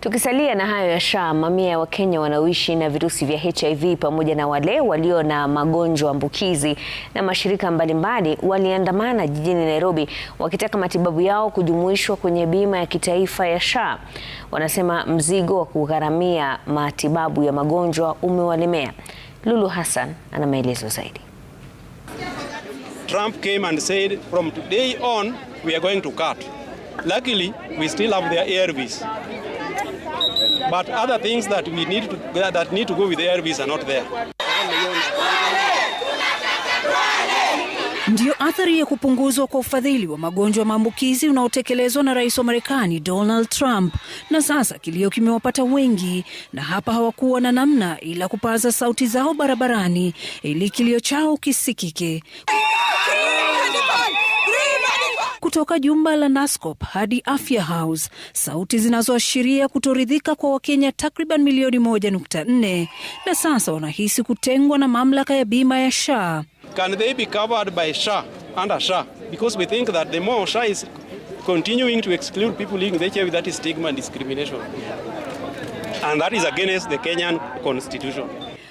Tukisalia na hayo ya SHA, mamia ya Wakenya wanaoishi na virusi vya HIV pamoja na wale walio na magonjwa ambukizi na mashirika mbalimbali waliandamana jijini Nairobi wakitaka matibabu yao kujumuishwa kwenye bima ya kitaifa ya SHA. Wanasema mzigo wa kugharamia matibabu ya magonjwa umewalemea. Lulu Hassan ana maelezo zaidi. Trump came and said from today on we are going to cut. Luckily we still have their ARVs but other things that we need to, that need to go with the ARVs are not there. Ndiyo athari ya kupunguzwa kwa ufadhili wa magonjwa maambukizi unaotekelezwa na rais wa Marekani Donald Trump. Na sasa kilio kimewapata wengi, na hapa hawakuwa na namna ila kupaza sauti zao barabarani ili kilio chao kisikike. Kutoka jumba la Nascop hadi Afya House, sauti zinazoashiria kutoridhika kwa Wakenya takriban milioni 1.4 na sasa wanahisi kutengwa na mamlaka ya bima ya SHA. Can they be covered by SHA under SHA? Because we think that the more SHA is continuing to exclude people living with HIV, that is stigma and discrimination. And that is against the Kenyan constitution.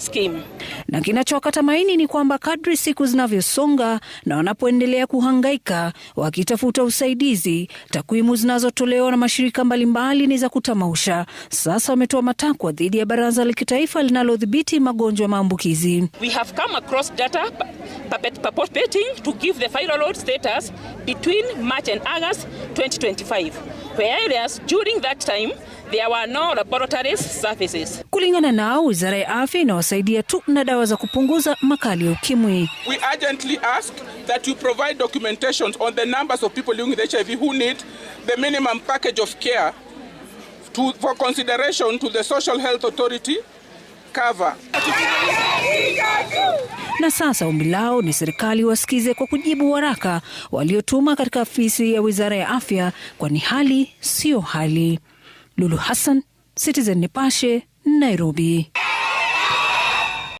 scheme. Na kinachowakata maini ni kwamba kadri siku zinavyosonga na wanapoendelea kuhangaika wakitafuta usaidizi, takwimu zinazotolewa na mashirika mbalimbali ni za kutamausha. Sasa wametoa matakwa dhidi ya baraza la kitaifa linalodhibiti magonjwa ya maambukizi. We have come across data purporting to give the viral load status between March and August 2025 whereas during that time there were no laboratory services. Kulingana nao, wizara ya afya inawasaidia tu na dawa za kupunguza makali ya ukimwi. We urgently ask that you provide documentation on the numbers of people living with HIV who need the minimum package of care to, for consideration to the Social Health Authority cover. Na sasa ombi lao ni serikali wasikize kwa kujibu waraka waliotuma katika afisi ya wizara ya afya, kwani hali siyo hali. Lulu Hassan, Citizen Nipashe, Nairobi.